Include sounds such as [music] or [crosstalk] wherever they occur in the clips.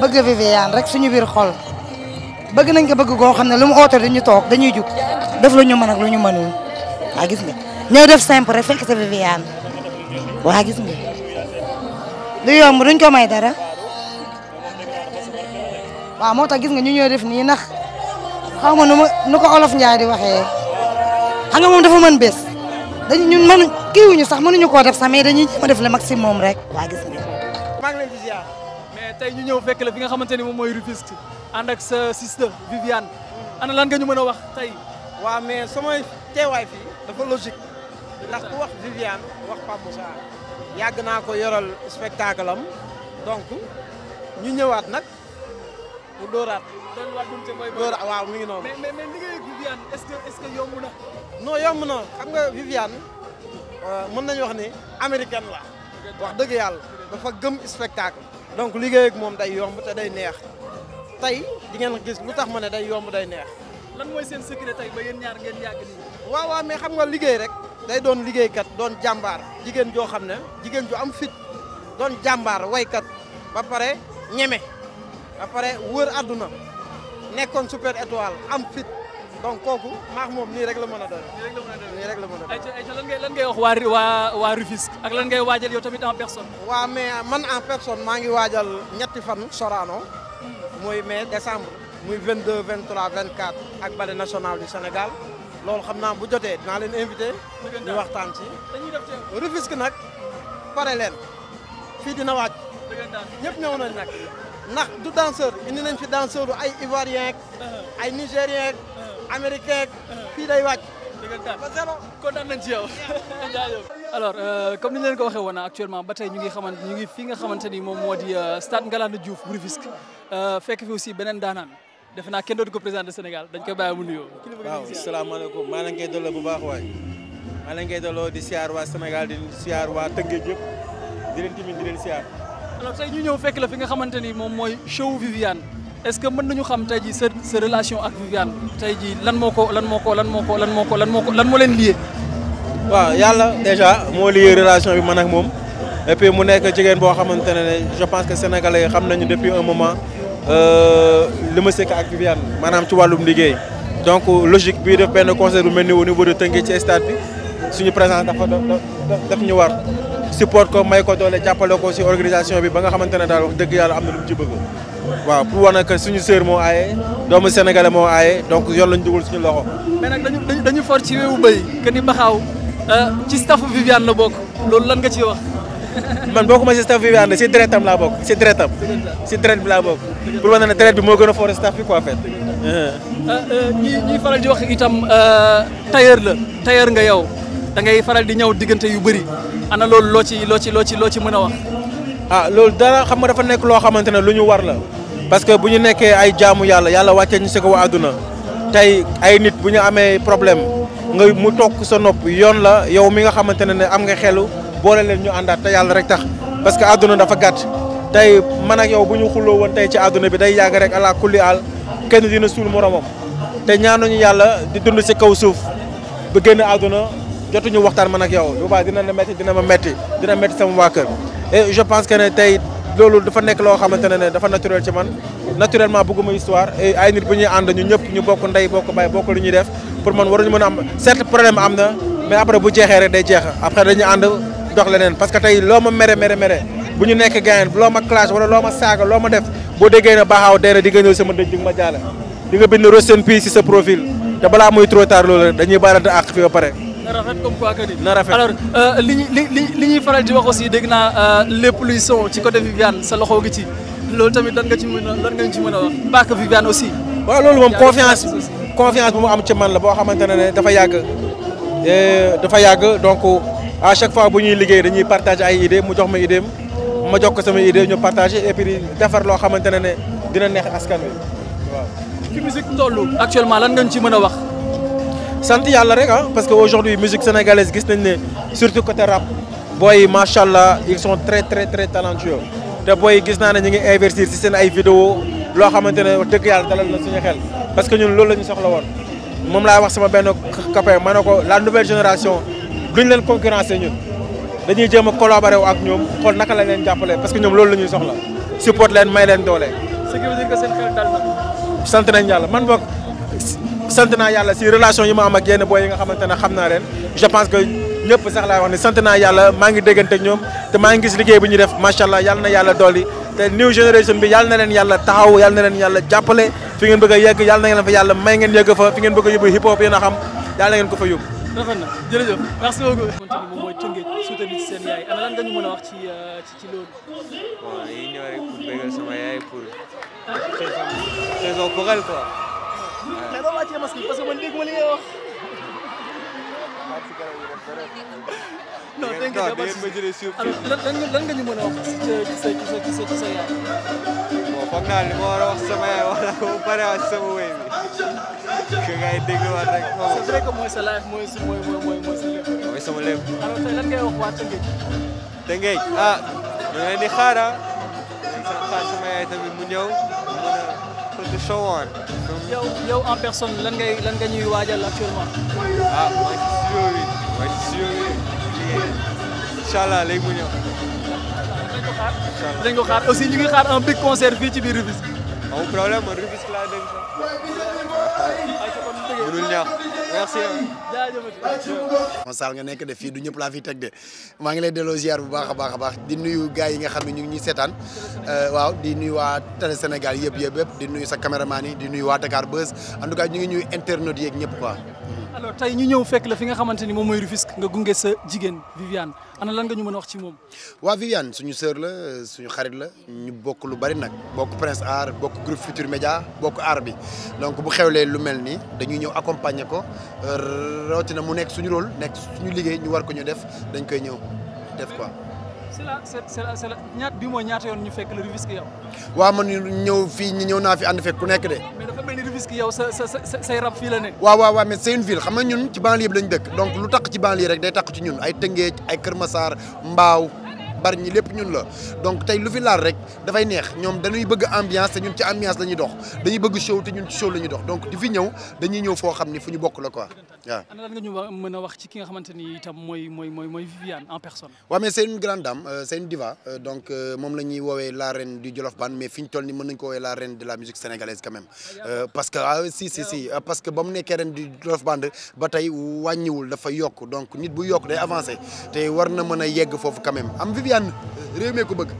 waaw a Viviane rek suñu biir xol bëgg nañ ko bëgg goo xam ne lu mu oote dañu toog dañuy jug def lu ñu mën ak lu ñu mënul waa gis nga ñëw def simple rek fekk sa Viviane waa gis nga lu yomb duñ koo may dara waa moo ta gis nga ñu ñëw def nii ndax xaw ma nu ma nu ko olof Njaay di waxee xam nga moom dafa mën bees dañu ñun mënu kiiwuñu sax mënuñu koo def sax mais dañuy jéem a def le maximum rek waa gis tey ñu ñëw fekk le fi nga xamante ni moom mooy Rufisque ànd ak sa sister Viviane ana lan nga ñu mën a wax tey. waaw mais sama teewaay fii dafa logique ndax wax Viviane wax Pape Moussa yàgg naa ko yoral spectacle am donc ñu ñëwaat nag mu dóoraat. dóoraat bu mu ngi noonu. mais mais mais liggéey ak Viviane ce que est-ce que yomb na. non yomb na xam nga Viviane euh, mën nañu wax ni américaine la wax dëgg yàlla dafa gëm spectacle. donc liggéey ak moom day yomb te day neex tey di ngeen gis lu tax ma ne day yomb day neex. lan mooy seen secret tey ba yéen ñaar ngeen yàgg nii. waaw waaw xam nga liggéey rek day doon liggéeykat doon jàmbaar jigéen joo xam ne jigéen ju am fit doon jàmbaar waykat ba pare ñeme ba pare wër àdduna nekkoon super étoile am fit. donc kooku maax moom nii rek la mën a doon. nii rek la mën a doon nii rek la mën a doon. ayca ayca lan ngay lan ngay wax waa waa waa Rufisque ak lan ngay waajal yow tamit en personne. waaw mais man en personne maa ngi waajal ñetti fan Sorano. muy mai décembre. muy 22 23 24 ak ballet national du Sénégal. loolu xam naa bu jotee dinaa leen invité. ñu waxtaan ci. dañuy def ci Rufisque nag pare leen. fii dina waaj. ñëpp ñëw nañ nag. ndax du danseur indi nañ fi danseur ay Ivoirien ak uh-huh. ay Nigérien ak. Amérique yeeg fii day wàcc. kon daan nañ ci yow [laughs] alors euh, comme ni ñu leen ko waxee woon actuellement ba tey ñu ngi xamante ñu ngi fi nga xamante ni moom moo di euh, stade Ngalandou Diouf bu Rufisque euh, fekk fi aussi beneen daanaan defe naa kenn dootu ko président de Sénégal dañ koy bàyyi mu nuyoo. waaw salaamaaleykum maa leen koy delloo bu baax waay maa leen koy delloo di siyaar waa Sénégal di siyaar waa Tëngéej yëpp di leen timin siyaar. tey ñu ñëw fekk la fi nga xamante ni moom mooy show Viviane. est-ce que mën nañu xam tey jii sa sa relation ak Viviane tey jii lan moo ko lan moo ko lan moo ko lan moo ko lan moo ko lan moo leen lié. waaw yàlla déjà moo lié relation bi man ak moom et mu nekk jigéen boo xamante ne je pense que sénégalais yi xam nañu depuis un moment euh, li ma sekk ak Viviane maanaam ci wàllum liggéey donc logique bii def benn concert bu mel ni au de Tëngéej ci stade bi suñu présence dafa daf ñu war support ko may ko doole jàppale ko si organisation bi ba nga ne daal dëgg yàlla am na lu waaw pour wax nag suñu sœur moo aaye doomu sénégalais moo aaye donc yoon lañu dugal suñu loxo. mais nag dañu dañu for ci weewu béy que ni euh, ci staffu Viviane la bokk loolu lan nga ciy wax. [laughs] man bokkuma si staff bi ànd si deretam laa bokk si deretam si deret bi laa bokk pour wax ne deret bi moo gën a foor staff bi quoi en fait euh, euh, ñi ñuy faral di wax itam tailleur la tailleur nga yow da ngay faral di ñëw diggante yu bëri ana loolu loo ci loo ci loo ci loo ci mën a wax ah loolu dara xam nga dafa nekk loo xamante ne lu ñu war la parce que bu ñu nekkee ay jaamu yàlla wàcce ñu si ko waa àdduna tey ay nit bu ñu amee problème nga mu toog sa nopp yoon la yow mi nga xamante ne ne am nga xelu boole leen ñu àndaat te yàlla rek tax parce que àdduna dafa gàtt tey man ak yow bu ñu xulloo woon tey ci àdduna bi day yàgg rek ala kulli al kenn dina suul moromam te ñu yàlla di dund si kaw suuf ba génn àdduna jotuñu waxtaan man ak yow bu baax dina la metti dina ma metti dina metti sama waa kër et je pense que ne tey loolu dafa nekk loo xamante ne ne dafa naturel ci man naturellement bëgguma histoire et ay nit bu ñuy ànd ñu ñëpp ñu bokk ndey bokk baay bokk lu ñuy def pour man waruñu mën a am certes problème am na mais après bu jeexee rek day jeex après dañu ànd dox leneen parce que tey loo ma mere mere mere bu ñu nekk gaayen loo ma clash wala loo ma saaga loo ma def boo déggee ne baaxaaw dee na di nga ñëw sama dëj di ma jaale di nga bind rest sa profil te balaa muy trop tard loolu rek dañuy baarante rafet comme quoi que ni. na rafet euh, li ñuy li li faral di wax aussi dégg naa euh, lépp luy son ci côté Viviane sa loxo gi ci loolu tamit lan nga ci mën a ci mën a wax. pas que Viviane aussi. waa loolu moom confiance confiance bu mu am ci man la boo xamante ne dafa yàgg dafa yàgg donc à chaque fois bu ñuy liggéey dañuy partager ay idées mu jox ma idée ma jox ko sama idée ñu partager et puis defar loo xamante ne ne dina neex askan wi waaw. fi musique toll actuellement lan nga ci mën a wax. sant yàlla rek ah parce que aujourd'hui musique sénégalaise gis nañ ne surtout côté rap booy yi macha allah ils sont très très très talentueux te booy gis naa ne ñu ngi investir ci seen ay vidéo loo xamante ne wax dëgg yàlla dalal na xel parce que ñun loolu la ñu soxla woon moom laa wax sama benn copain ma ne ko la nouvelle génération duñ leen concurrencer ñun dañuy jëm a collaborer wu ak ñoom xool naka la leen jàppale parce que ñoom loolu la ñuy soxla support leen may leen doole. sant nañ yàlla man boog sant yàlla si relation yi ma am ak booy yi nga xamante xam naa leen je pense que ñëpp sax laay wax ne sant yàlla maa ngi déggante ñoom te maa ngi gis liggéey bu ñuy def macha yàlla na te new génération bi yàlla na leen yàlla taxaw yàlla na leen yàlla jàppale fi ngeen bëgg a yàlla na ngeen fa yàlla may ngeen yegg fa fi ngeen bëgg a hip hop yéen xam yàlla ngeen ko fa yóbbu. mais doo wàccee masque bi parce que man dégg ma li nga wax. non dégg nga ba si alors lan lan nga ñu mën a wax ci sa ci sa ci sa ci sa yaay. bon foog naa li ma war a wax sama yaay wax na ko ba pare wax sama wéy bi. que ngay dégluwaat rek. c'est vrai que mooy sa life mooy sa mooy mooy mooy sa lépp. mooy sama lépp. alors tey lan ngay wax waa Tëngéej. Tëngéej ah. ñu ngi leen di xaar ah. di xaar sama yaay tamit mu ñëw. put the show on. yow yow en personne lan ngay lan nga ñuy waajal actuellement. ah mooy si studio bi mooy si studio bi incha allah léegi mu ñëw. dinañ ko xaar dinañ ko xaar aussi ñu ngi xaar un big concert fii ci biir Rufisque. amul problème man Rufisque laa dégg sax. mënul neex merci jaajëf nga nekk de fii du ñëpp laa fi teg de maa ngi lay delloo ziar bu baax a baax a baax di nuyu gars yi nga xam ne ñu ngi ñuy seetaan euh, waaw di nuyu waa télé Sénégal yëpp yëpp yëpp di nuyu sa caméraman yi di nuyu waa Dakar Buzz en tout cas ñu ngi ñuy internautes yeeg ñëpp quoi alors tey ñu ñëw fekk la fi nga xamante ni moom mooy Rufisque nga gunge sa jigéen Viviane ana lan nga ñu mën a wax ci moom. waaw Viviane suñu sœur la suñu xarit la ñu bokk lu bari nag bokk Prince Art bokk groupe Futur Média bokk aar bi donc bu xewlee lu mel ni dañuy ñëw accompagner ko rawatina mu nekk suñu rôle nekk ñu liggéey ñu war ko ñu def dañ koy ñëw def quoi. c'est la bi mooy ñaata yoon ñu fekk la Rufisque yow. waaw man ñëw fii ñëw naa fi ànd fekk ku nekk de. mais dafa mel yow sa sa sa say rab fii la ne. waaw waaw waaw mais c'est une xam nga ñun ci banlieue bi lañ dëkk donc lu tax ci banlieue rek day tax ci ñun ay Tëngéej ay Kër Massar Mbaaw. bari ñi lépp ñun la donc tey lu fi laal rek dafay neex ñoom dañuy bëgg ambiance te ñun ci ambiance la dox dañuy bëgg show te ñun ci show la ñuy dox donc di fi ñëw dañuy ñëw foo xam ni fu ñu bokk la quoi waaw. ana lan nga ñu en personne. waaw mais c'est une euh, euh, euh, woowee la reine du Jolof fi ñu toll nii mën nañu ko woowee la reine de la musique sénégalaise quand même ah, parce que ba mu nekkee reine du Jolof Band ba tey wàññiwul dafa yokk donc nit bu yokk day avancer te war na mën a yegg foofu quand même am Viviane Viviane euh, réew mee ko bëgg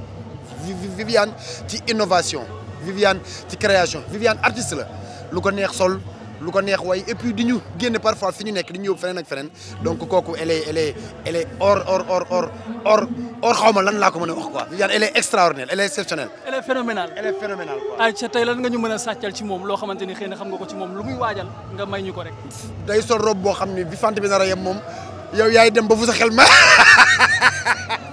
Viviane ci innovation Viviane ci création Viviane artiste la lu ko neex sol lu ko neex way et puis di ñu génne parfois fi ñu nekk di ñu yóbbu feneen ak feneen donc kooku elle est elle est elle est hors hors hors hors hors hors xaw ma lan laa ko mën a wax quoi Viviane elle est extraordinaire elle est exceptionnelle. elle est phénoménale elle est phénoménale quoi. ayca tey lan nga ñu mën a sàccal ci moom loo xamante ni xëy na xam nga ko ci moom lu muy waajal nga may ñu ko rek. day sol robe boo xam ni bi fant bi nar a yem moom yow yaay dem ba fu sa xel ma. [laughs]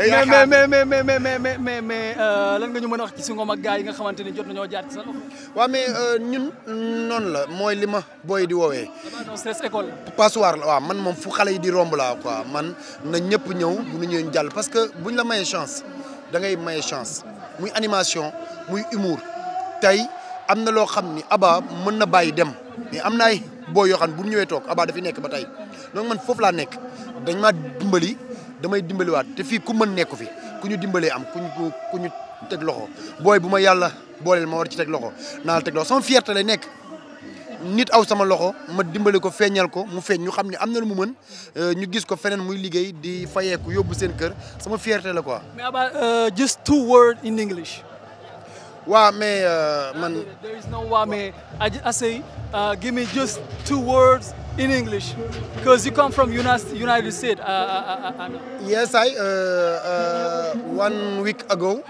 Eh, mais mais mais mais mais mais mais euh, lan nga ñu mën a wax ci si ngoom ak gars yi nga xamante ni jot nañoo jaar ci sa loxo. waaw mais euh, ñun noonu la mooy li ma booy di woowee. stress école. passoire la waaw man moom fu xale yi di romb laa quoi man na ñëpp ñëw bu ñu jàll parce que buñ la mayee chance da ngay maye chance muy animation muy humour tey am na loo xam ni Aba mën na bàyyi dem mais am na ay booy yoo xam ne bu ñëwee toog Aba dafi nekk ba tey donc man foofu laa nekk dañ ma dimbali. damay dimbaliwaat te fii ku mën nekku fi ku ñu dimbalee am ku ñu ku ñu teg loxo booy bu ma yàlla booleel ma war ci teg loxo naa la teg loxo sama fierté nekk nit aw sama loxo ma dimbale ko feeñal ko mu feeñ ñu xam ne am na lu mu mën euh, ñu gis ko feneen muy liggéey di fayeeku yóbbu seen kër sama fierté la quoi. Well, man, uh, man. There is no well, man. I, just, I say, uh, give me just two words in English, because you come from United, United States. Uh, I, uh, I, uh, uh, yes, I. one week ago,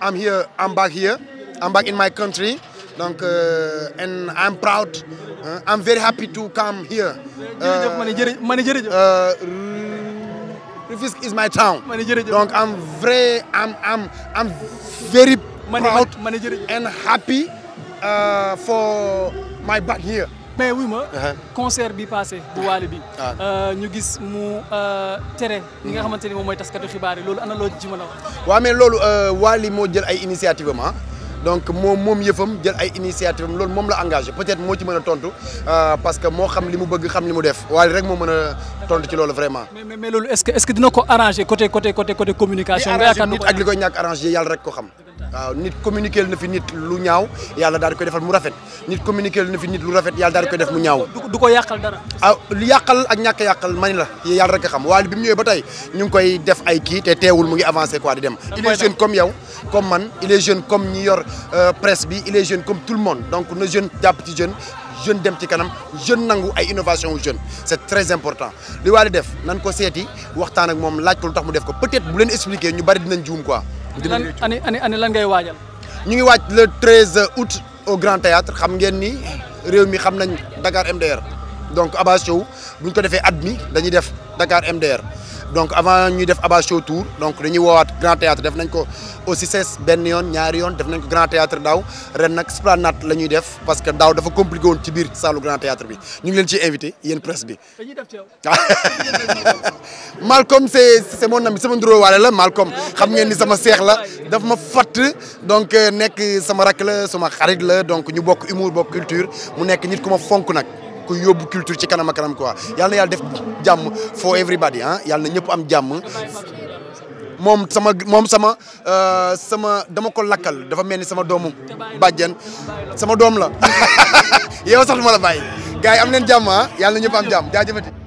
I'm here. I'm back here. I'm back in my country. Donc, and I'm proud. I'm very happy to come here. Rufisque is my town. Donc, I'm very, I'm, I'm, I'm very proud and happy uh, my back here. mais wuy ma. Uh-huh. concert bi passé bu ah. Wally bi. Ah. Euh, ñu gis mu euh, tere. li nga mm-hmm. xamante ni moom mooy taskatu xibaar yi loolu ana loo ci mën loolu euh, Wally moo jël ay initiative am ah. donc moom moom jël ay initiative loolu moom la engagé peut-être moo ci mën a tontu parce que moo xam li mu bëgg xam li mu def Wally rek moo mën a tontu ci loolu vraiment. mais loolu est-ce que dina ko arrangé côté côté côté communication. nga yaakaar waaw nit communiqué na fi nit lu ñaaw yàlla daal di koy defal mu rafet nit communiqué na fi nit lu rafet yàlla daal koy def mu ñaaw. du ko yàqal dara. ah li yàqal ak ñàkk yàqal mani la yàlla rek a xam waaye bi mu ñëwee ba tey ñu ngi koy def ay kii te teewul mu ngi avancé quoi di dem. il est jeune comme yow comme man il est jeune comme ñi yor euh, presse bi il jeune comme tout le monde donc na jeune jàpp ci jeune. jeune dem ci kanam jeune nangu ay innovation wu jeune c' très important li waa di nan ko seeti waxtaan ak moom laaj tax mu def ko peut-être bu leen expliquer ñu bari dinañ juum quoi. lan ani ani ani lan ngay waajal. ñu ngi waaj le 13 août au Grand Théâtre xam ngeen ni réew mi xam nañ Dakar MDR donc Abass Show bu ñu ko defee at mi dañuy def Dakar MDR. donc avant ñuy def Abba Show Tour donc dañuy woowaat Grand Théâtre def nañ ko aussi ses benn yoon ñaari yoon def nañ ko Grand Théâtre daaw ren nag Esplanade la ñuy def parce que daaw dafa compliqué woon ci biir saalu Grand Théâtre bi ñu ngi leen ciy invité yéen presse bi. [laughs] Malcolm c' est c' est mon ami sama nduroowaale la Malcolm xam ngeen ni sama seex la daf ma fatt donc euh, nekk sama rakk la sama xarit la donc ñu bokk humour bokk culture mu nekk nit ku ma fonk nag. ku yóbbu culture ci kanam a kanam quoi yàlla na yàlla def jàmm for everybody ah yàlla na ñëpp am jàmm. moom sama moom sama euh, sama dama ko lakkal dafa mel ni sama doomu bàjjen sama doom la [laughs] yow sax du ma la bàyyi gars yi am leen jàmm ah yàlla na ñëpp am jàmm jaajëfati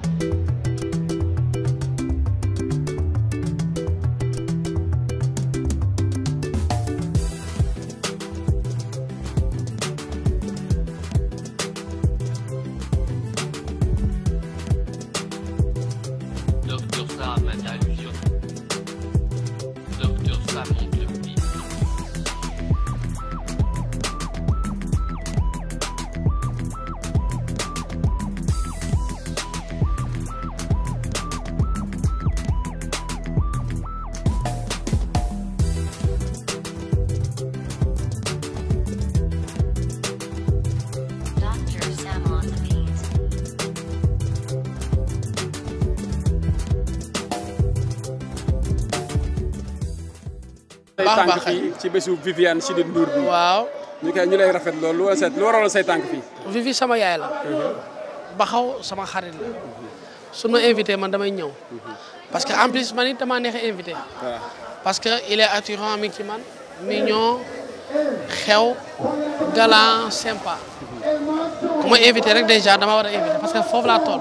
tànk ci bésu Viviane Chidid Ndour bi. waaw ñu koy ñu lay rafet loolu lu war a lu waroon say tànk fii. Vivi sama yaay la. Mhm. Baxaw sama xarit la. su ma invité man damay ñëw. Mhm. parce que en plus man it damaa neex parce que il est attirant mi ci man. mignon xew galant sympa. Mhm. ku ma invité rek déjà dama war a invité parce que foofu laa toll.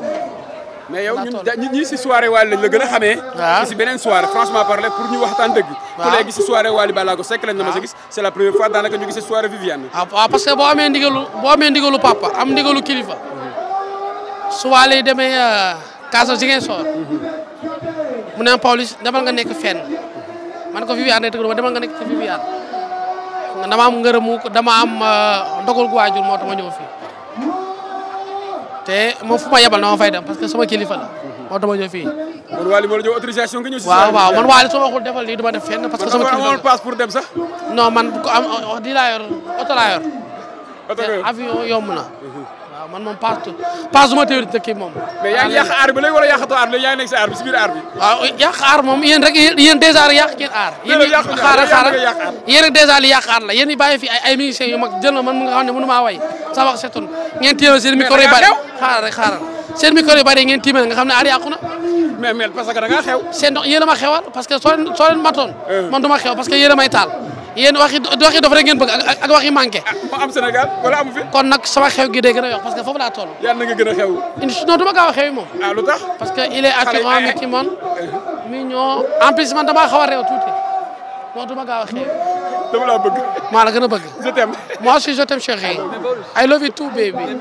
mais yow ñun ñi si soirée waa lañ la a xamee. waaw ah. beneen soirée franchement parler pour ñu waxtaan dëgg. ku lay gis soirée Wally Ballago Seck lañ na ma sa gis ah. c'est la première fois daanaka ñu gis soirée Viviane waaw ah, ah, parce que boo amee boo amee ndigalu papa am ndigalu kilifa su demee euh, Casa Ziguinchor mu ne Pawlish demal nga nekk ma ne ko Viviane rek demal nga nekk ci Viviane dama am ngërëmu dama am euh, ndogal gu waajur moo tax ma ñëw fii te moom fu ma yebal na ma fay dem parce que sama kilifa la moo tax ma ñëw fii kon Waly moo la jox autorisation nga ñëw si waaw waaw man Waly su ma waxul defal lii du ma def fenn parce que sama kii amoon passe pour dem sax non man ko am di laa yor oto laa yor avion yomb na mhm. waaw man moom passe passe du ma téwéri te kii moom mais yaa ngi yàq aar bi léegi wala yàqatoo aar bi léegi yaa ngi nekk si aar bi si biir aar bi waaw yàq aar moom yéen rek yéen dèjà rek yàq ngeen aar yéen xaaral xaaral yéen rek dèjà li yàq aar la yéen i bàyyi fi ay ay musiciens yu mag jël na man mu nga xam ne mënu maa way sa wax setul ngeen téye seen micro yi bari xaaral rek xaaral seen micro yu bari ngeen tiimale nga xam ne a xewal parce que soo matoon. Euh. man du ma xew parce que yéen a taal. yéen waxi waxi ngeen bëgg ak ak waxi ah, kon nag sama xew gi day gën a parce que foofu laa toll. yàlla na nga xew. incha du ma gaaw xew moom. ah lu parce que il est actuellement mi mi ñoo en man damaa xaw a réew dootuma ma a xeeb. dama laa bëgg. maa la gën a bëgg. je t'aime. moi aussi je t'aime chérie. Ah, I love you too baby. Euh,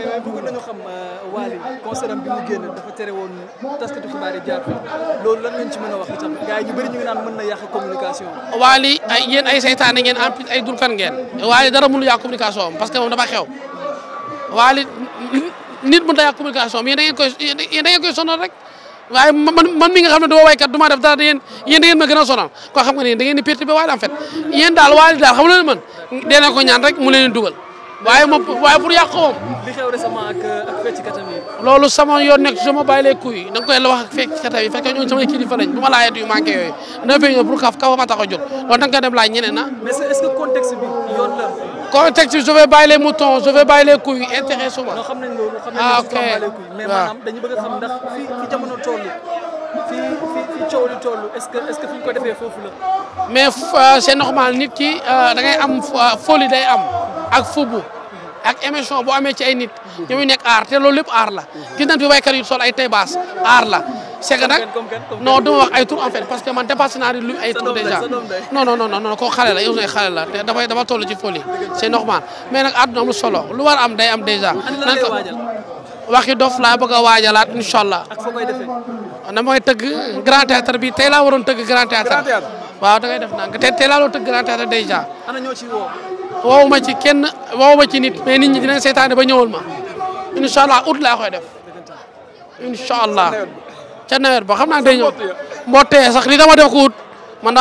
loolu lan lañ ci mën a wax itam gars yi bëri ñu ngi mën na yàq communication am. ay yéen ngeen ay dulkan ngeen. Wally dara mënul yàq communication parce que moom dafa xew. Wally nit mën na yàq communication am yéen da ngeen koy yéen da rek. waaye man man mi nga xam ne dama waykat du ma def dara da yéen yéen da ngeen a sonal ko xam nga ne da ngeen di perturbé waaye man dee ko ñaan rek mu leen dugal waaye moom waaye pour yàq ko moom. li xew récemment loolu sama yoon nekk je me bàyyi les couilles da nga koy la wax ak fecckatam yi fekk ñoom samay kilifa ma laajee yu manqué yooyu dama fay ñëw pour kaaf kaw ma tax a jóg loolu da nga dem laa ñeneen ah. mais est-ce contexte je vais bàyyi les moutons je vais ah, bàyyi les couilles xam nañ loolu xam nañ ne bàyyi les a xam ndax fi fi jamono fi fi fi est ce que est que fi ñu ko defee foofu mais euh, c' est normal nit ki euh, da ngay am euh, folie day am ak fubu. ak émission bu amee ci ay nit. ñoom mhm. nekk aar te loolu lépp aar la. Mhm. gis nañ fi baykat yu sol ay tey baas aar la. c'est que nag non du ma wax ay tur en fait parce que man dépassé naa lu ay tur déjà non non non non koo dafa toll ci folie c'est normal mais nag àdduna amul solo lu war am day am déjà nan ko waxi dof laa bëgg a waajalaat incha allah na mooy tëgg grand théâtre bi tey laa waroon tëgg grand théâtre waaw da ngay def naan te tey laa waroon tëgg grand théâtre déjà woowu ma ci kenn woowu ma ci nit mais nit ñi dinañ seetaane ba ñëwul ma incha allah août laa koy def incha ca nawet ba xam naa day ñëw mbottee sax li dama def ko wut man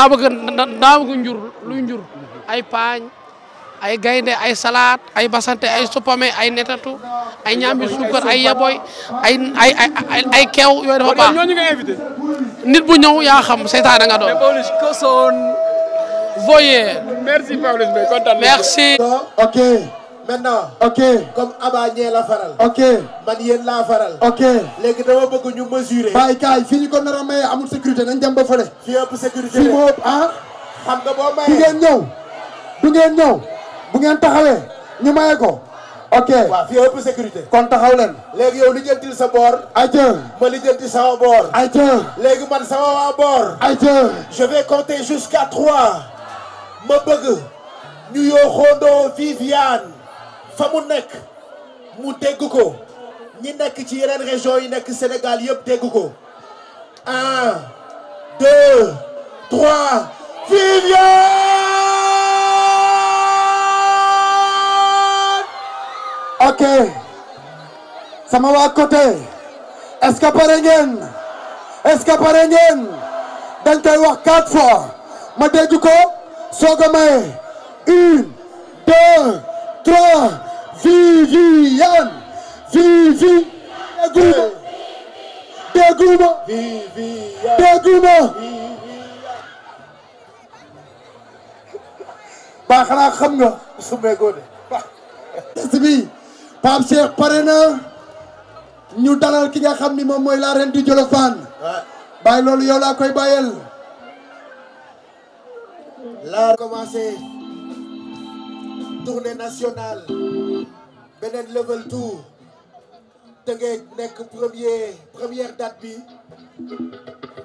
daa njur luy njur ay paañ ay gaynde ay salaat ay basante ay supame ay netatu ay ñaambi suukar ay yaboy ay ay yooyu dafa baax ñooñu nit bu ñëw yaa xam seytaane nga doon voyez merci maintenant. ok comme Aba ñee la faral. ok man yéen la faral. ok léegi dama bëgg ñu mesurer. bàyyi kaay fii ñu maye amul sécurité nañ dem ba fële. fii sécurité fii moo ëpp ah. xam nga boo mayee du ngeen ñëw. du ngeen ñëw bu ngeen taxawee ñu maye ko. ok waaw sécurité. kon taxaw leen. léegi yow lijjantil sa boor. adieu. ma lijjantil sama boor. adieu. léegi man sama waa boor. adieu. je vais compter jusqu'à trois. ma bëgg ñu yoo xoondoo Viviane. fa mu nekk mu dégg ko ñi nekk ci yeneen région yi nekk Sénégal yëpp dégg ko un deux ok sama waa côté est-ce que pare ngeen est que pare ngeen dañ koy wax quatre fois ma dégg ko soog a une deux 3 Viviane Vivi dégguma dégguma dégguma ba xanaa xam nga sumeekoo de test bi Pape Cheikh pare na ñu dalal ki nga xam ni moom mooy la reine du Jolofane bàyyi loolu yow laa koy bàyyel la commencé tournée nationale beneen level tour Tëngéej nekk premier première date bi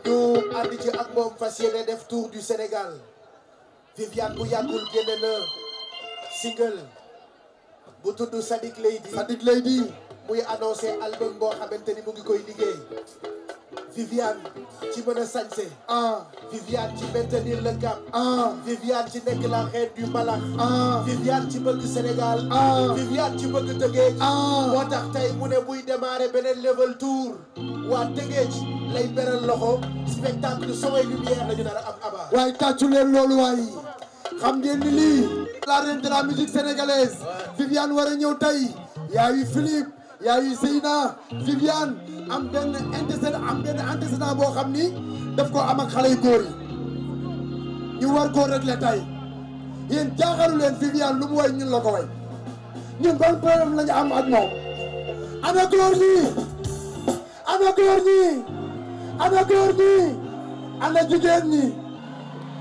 ñu ànd ci ak moom fas yéene def tour du Sénégal Viviane bu yàggul génne na single bu tudd Sadik Lady Sadik Lady muy annoncé album boo xamante ni mu ngi koy liggéey Viviane ci mën a sañse ah Viviane ci maintenir le cap ah Viviane ci nekk la reine du Mbalax ah Viviane ci bëgg Sénégal ah Viviane ci bëgg Tëngéej ah moo tax tey mu ne buy démarrer beneen level tour waa Tëngéej lay beral loxo spectacle Soleil Lumière la ñu nar a am Abba. waaye tàccu leen loolu waaye xam ngeen lii. la reine de sénégalaise. Viviane war a ñëw tey yaayu Philippe. yaayu Seyna Viviane am benn antécédent am benn antécédent boo xam ni def ko am ak xale yu góor yi ñu war koo régler tay yéen jaaxalu leen lu mu way ñun la ko way ñun ban problème lañu am ak moom ana góor ñi ana góor ñi ana góor jigéen ñi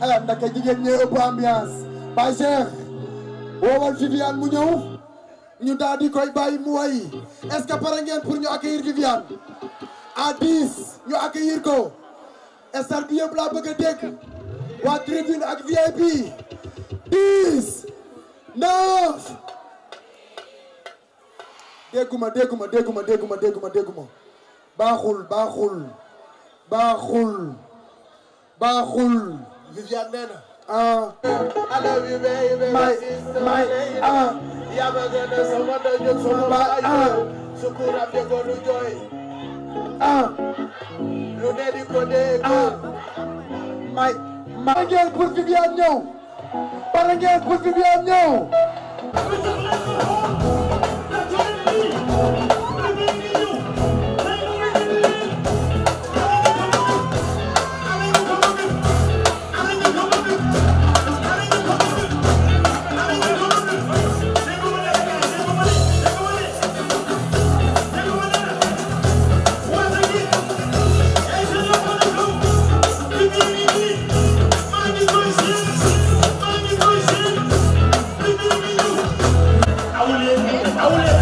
eh ndaka jigéen ñee ëpp ambiance bay Cheikh woowal Viviane mu ñu daal di koy bàyyi mu wayi est-ce que pare ngeen pour ñu accueillir Viviane à 10 ñu accueillir ko stade bi yëpp laa bëgg a dégg waa tribune ak VIP 10 9 dégguma dégguma dégguma dégguma dégguma dégguma baaxul baaxul baaxul baaxul Viviane nee ah. I love you baby my sister my ah. Uh. yaa uh. eh, ma gën a sama dëjëg sama baay ah. sukuram de ko du jooy. ah. lu ne di ko dee ko. ah. may ma. pare ngeen pour Viviane ñëw. pare ngeen Paula.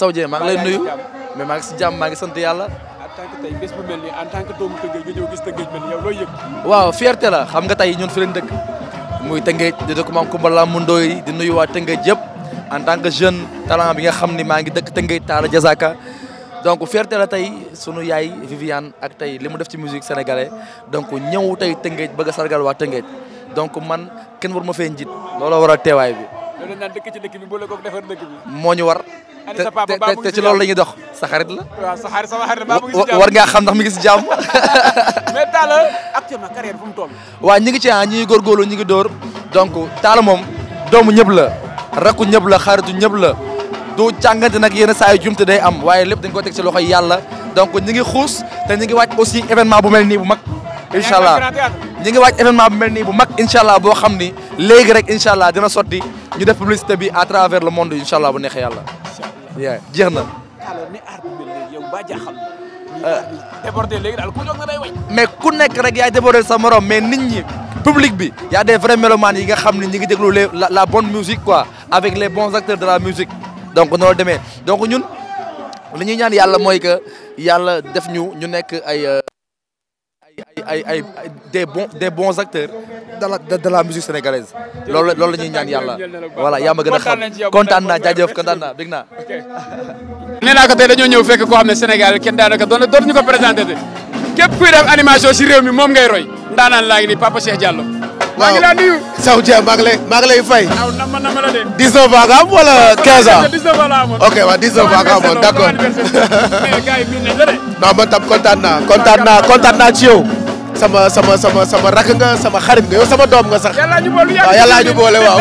Sow Dieng maa ngi lay nuyu mais maa ngi si jàmm maa ngi sant yàlla en en tant que doomu Tëngéej nga ñëw gis Tëngéej mel waaw fierté la xam nga tey ñun fi lañ dëkk muy Tëngéej di dëkk maam Kumba Lamundoo yi di nuyu waa Tëngéej yëpp en tant que jeune talent bi nga xam ni maa ngi dëkk Tëngéej Talla Diazaka donc fierté la tey sunu yaay Viviane ak tey li mu def ci musique sénégalais donc ñëw tey Tëngéej bëgg a sargal waa Tëngéej donc man kenn war ma fee njit looloo waral teewaay bi. loolu moo ñu war. te ci lool la ñuy dox sa xarit la. waaw sa xarit sama war ngaa xam ndax mi ngi si jàmm. [laughs] mais Talla actuellement carrière fu mu toll. waaw ñi ngi ci ah ñi ngi góorgóorlu ngi dóor donc Talla moom doom ñëpp la rakku ñëpp la xaritu ñëpp la du nag yenn saa yu day am waaye lépp dañ ko teg ci loxoy yàlla donc ñi ngi xuus te ñi ngi wàcc aussi événement bu mel nii bu mag. incha allah ñi ngi wàcc événement bu mel nii bu mag incha allah boo xam ni léegi rek incha allah dina sotti ñu def publicité bi à travers le monde incha allah bu neexee yàlla yaa jeex na. alors ni ba jaaxal. Eh. débordé léegi daal ku jóg na day way. mais ku nekk rek yaay débordé sa morom mais nit ñi public bi. y a des vrais mélomanes yi nga xam ne ñi ngi déglu la la bonne musique quoi avec les bons acteurs de la musique donc noonu demee donc ñun li ñuy ñaan yàlla mooy que yàlla def ñu ñu nekk ay. Euh, ci ay ay des bons des bons acteurs de la de la musique sénégalaise loolu loolu la ñuy ñaan yàlla voilà yaa ma gën a xam kontaan naa jaajëf kontaan naa dégg naa. [laughs] nee naa ko tey ñëw fekk koo xam ne Sénégal kenn daanaka doon dootuñu ko présenté te képp kuy animation si réew mi moom ngay roy ndaanaan laa ngi nii Papa Cheikh Diallo. maa ngi laa nuyu. Sow Dia maa fay. waaw nama nama wala 15 ok waaw 19 ans nga amoon d' accord. [laughs] mais gars yi miin nañ la de. non man tam kontaan naa kontaan naa kontaan sama sama sama sama rakk nga sama xarit nga yow sama doom nga sax. yàllaa ñu boole waaw yàllaa ñu boole waaw.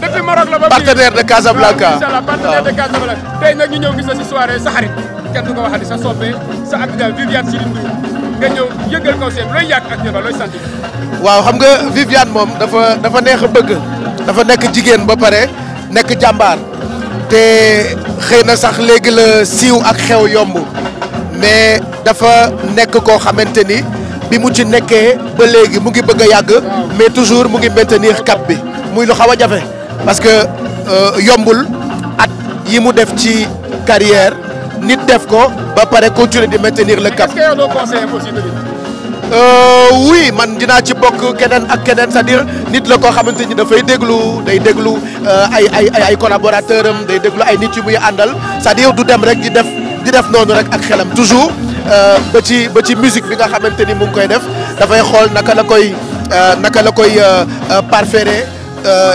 depuis ba partenaire de Casablanca waaw incha partenaire de Casablanca. tey nag ñu sa xarit sa soppe sa abidjan Viviane Chidid Ndour nga ñëw yëgal conseil bi looy xam nga Viviane moom dafa dafa neex a bëgg. dafa nekk jigéen ba pare nekk jàmbaar. te xëy na sax léegi la siiw ak xew yomb mais dafa nekk koo xamante ni. bi mu ci nekkee ba léegi mu ngi bëgg a yàgg mais toujours mu ngi maintenir cap bi muy lu xaw a jafe parce que euh, yombul at yi mu def ci carrière nit def ko ba pare continuer di maintenir le cap. Euh, oui man dinaa ci bokk keneen ak keneen c'est-à-dire nit la koo xamante ni dafay déglu day déglu euh, ay ay ay collaborateur am day déglu ay nit yu muy àndal cest dire du dem rek di def di def noonu rek ak xelam toujours. Euh, ba ci ba ci musique bi nga xamante ni mu ngi koy def dafay xool naka la koy euh, naka la koy euh, parfaire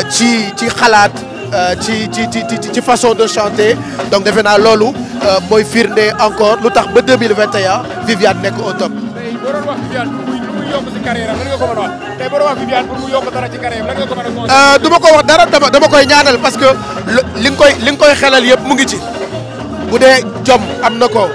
ci ci xalaat ci ci ci ci façon de chanter donc defe naa loolu mooy firnde encore lu tax ba 2021 Viviane nekk au top. yokk ci carrière am ko wax dara dama koy ñaanal parce que li nga koy li nga koy xelal yëpp mu ngi ci bu dee jom am na ko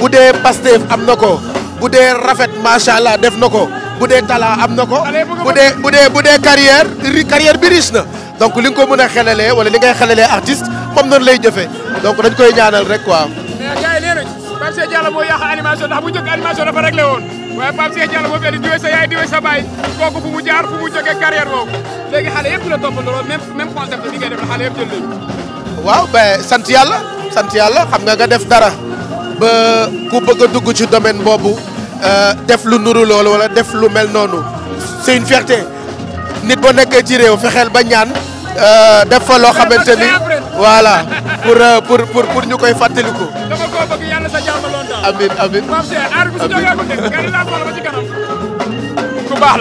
bu dee Pastef am na ko bu dee rafet macha allah def na ko bu dee talaa am na ko bu dee bu dee bu dee carrière carrière bi riche na donc li nga ko mën a xelalee wala li ngay xelalee artiste moom noonu lay jëfee donc dañ koy ñaanal rek quoi. mais gars yi nee nañ Pape Cheikh Diallo moo yàq animation ndax bu njëkk animation dafa réglé woon waaye Pape Cheikh Diallo moo fi indi diwe sa yaay diwe sa baay kooku fu mu jaar fu mu jógee carrière boobu léegi xale yëpp la toppandoo même même concept bi ngay def waaw sant yàlla sant yàlla xam nga def dara. ba ku bëgg a dugg ci domaine boobu euh, def lu nuru loolu wala def lu mel noonu c'est une nit boo nekkee ci réew fexeel ba ñaan euh, def fa loo xamante ni voilà pour euh, ñu koy fàttaliku. dama ko ku baax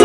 la.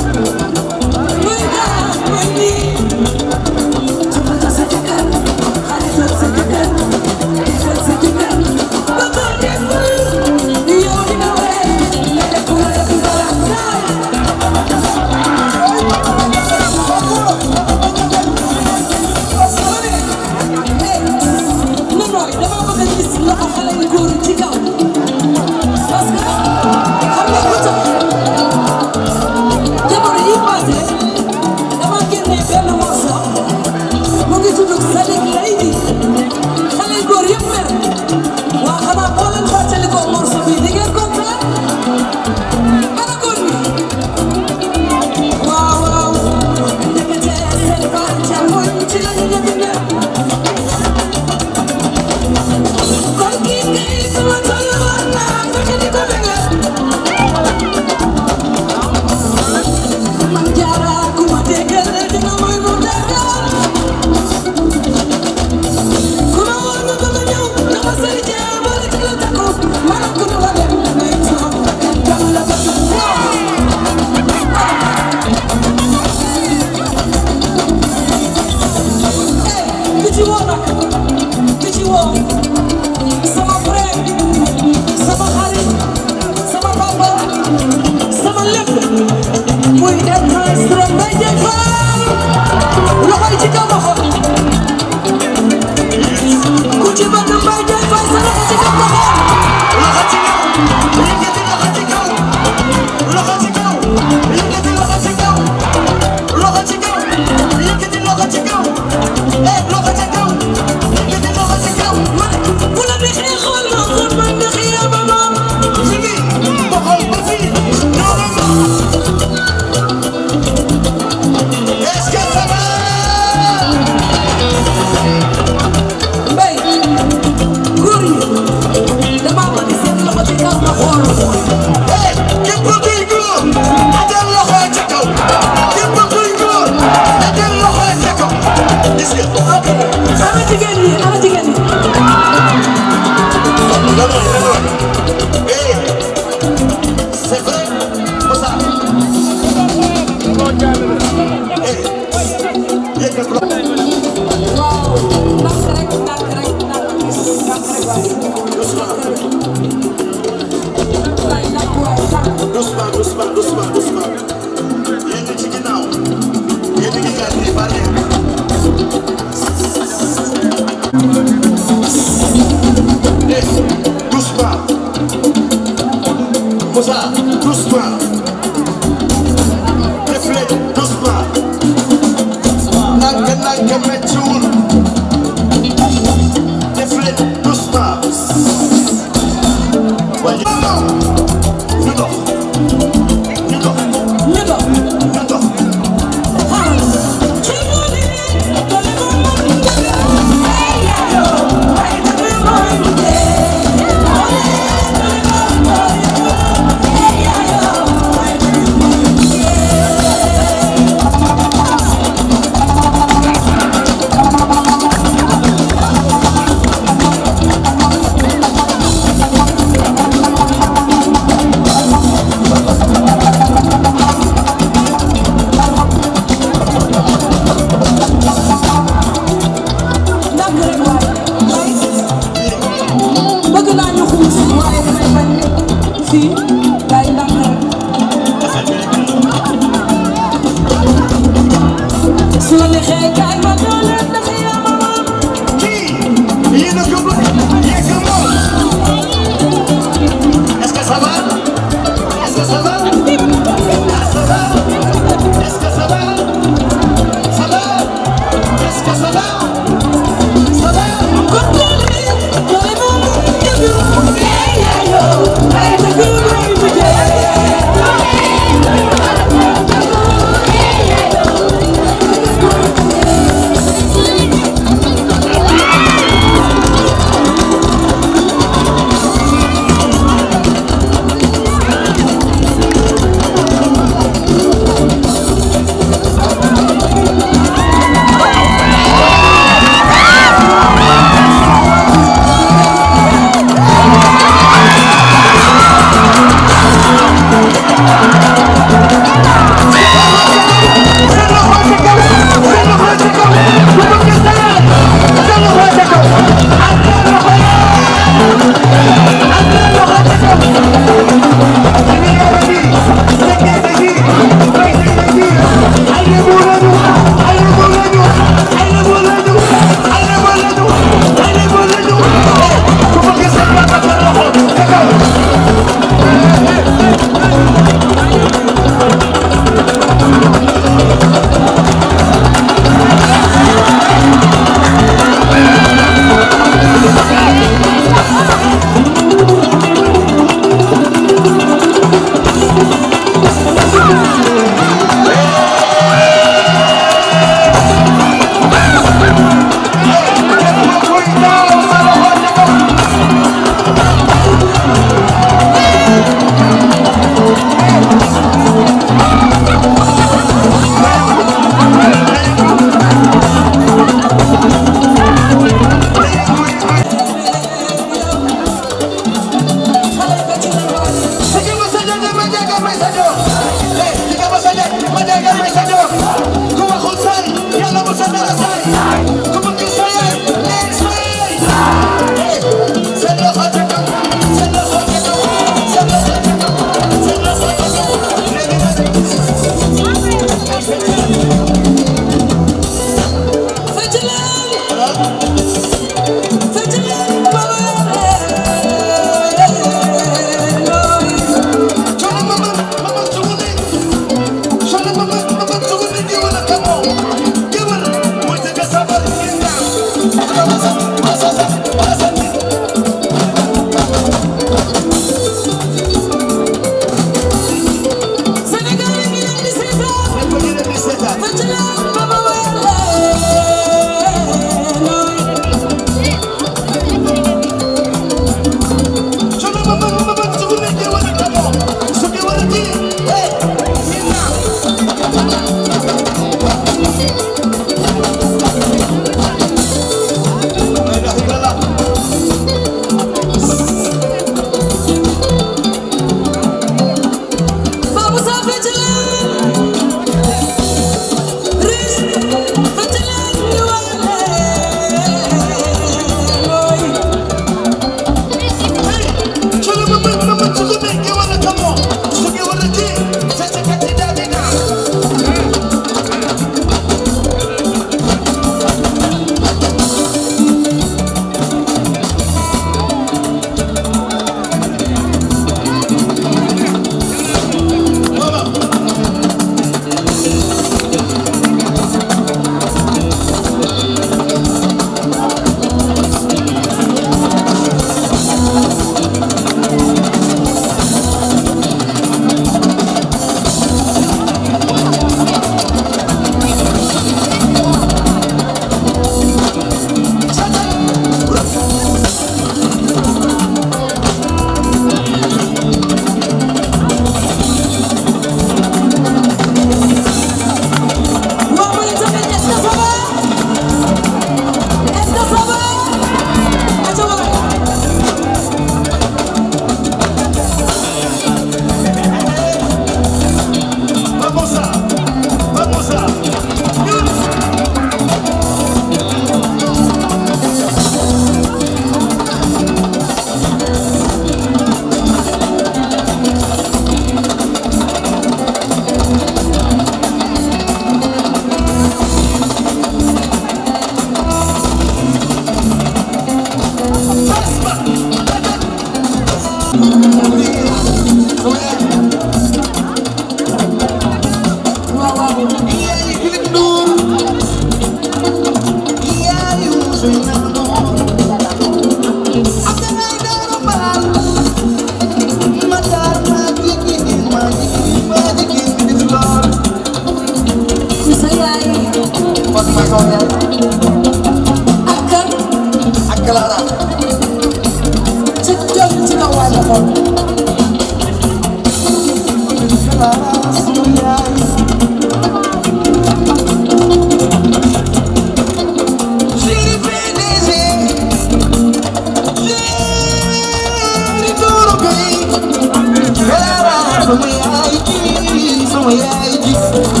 gis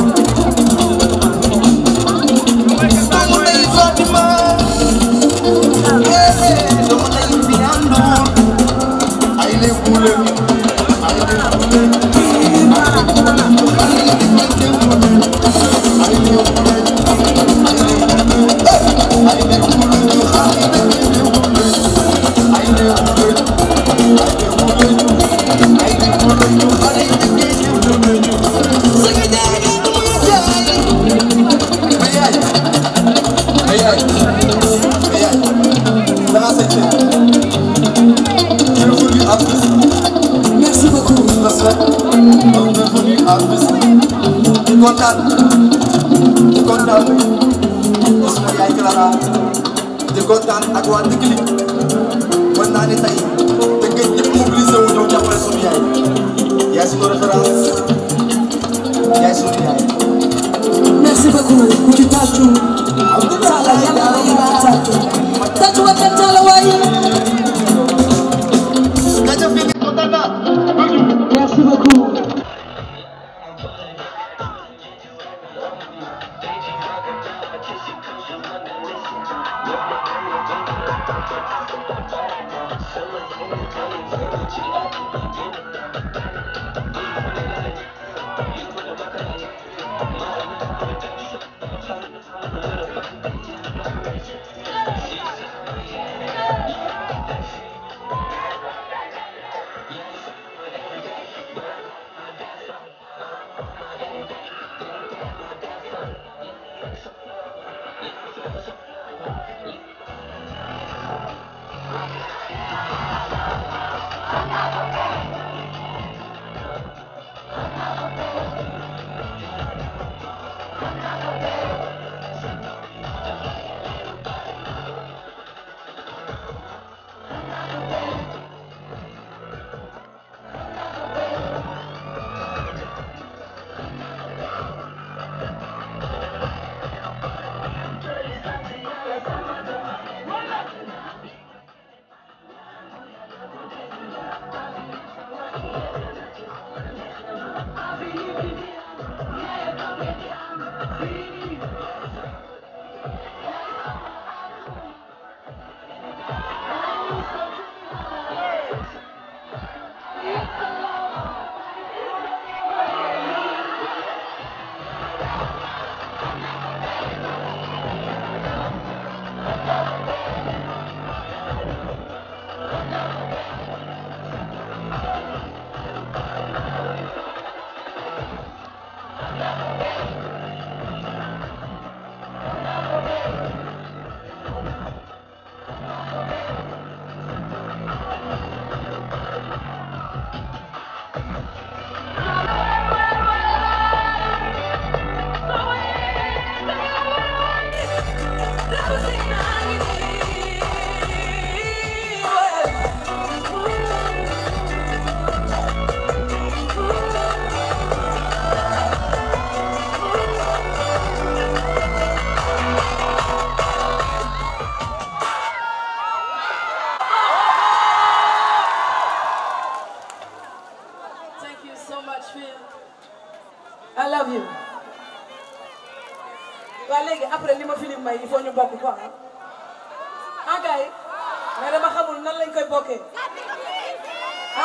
mais dama xamul nan lañ koy bokkee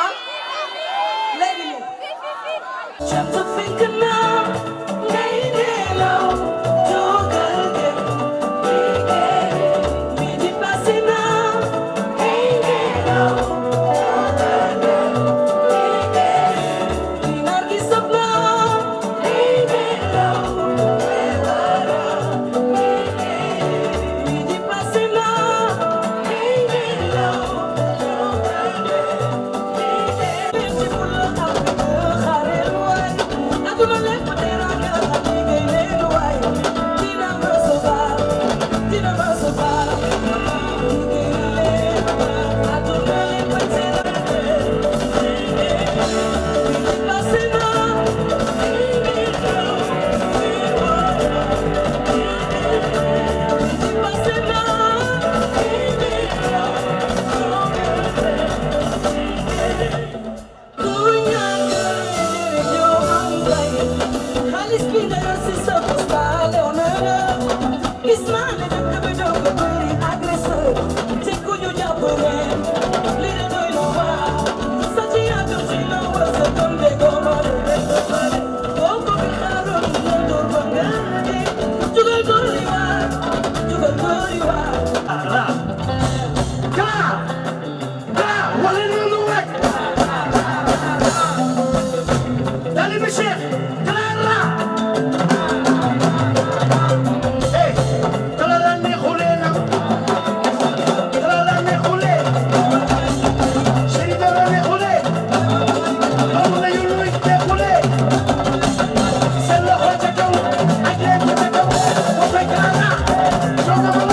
ah léegi nii Thank you.